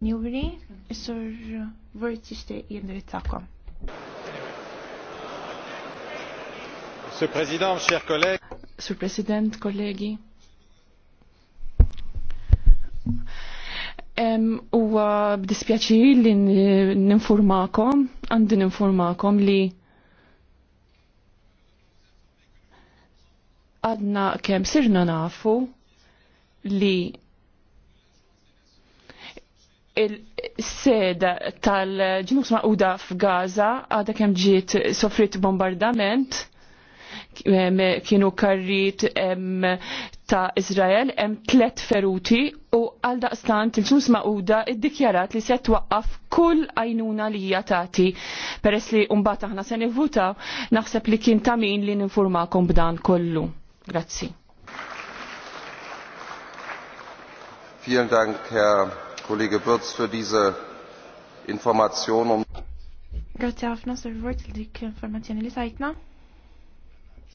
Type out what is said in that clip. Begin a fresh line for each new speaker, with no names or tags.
Njuri, sur vorti ste jishtiq jindirizzakom.
Sur Président, chers collègues.
Sur President, Um, U b'dispjaċir li ninformakom, għandi ninformakom li għadna kem sirna nafu li il-seda tal-ġnus maquda f'Gaza għadha kemm ġiet soffrit bombardament kienu karrit ta' Izrael hemm tlet feruti u għal daqstant il-ġnus maquda iddikjarat li se twaqqaf kull għajnuna li hija tagħti peress li mbagħad aħna se nivvuta naħseb li kien ta' min li ninfurmakom b'dan kollu. Grazzi.
Vielen Dank, Herr Kollege Wirtz, für diese Information.
Grazie a Sir Wirt, dik
informazzjoni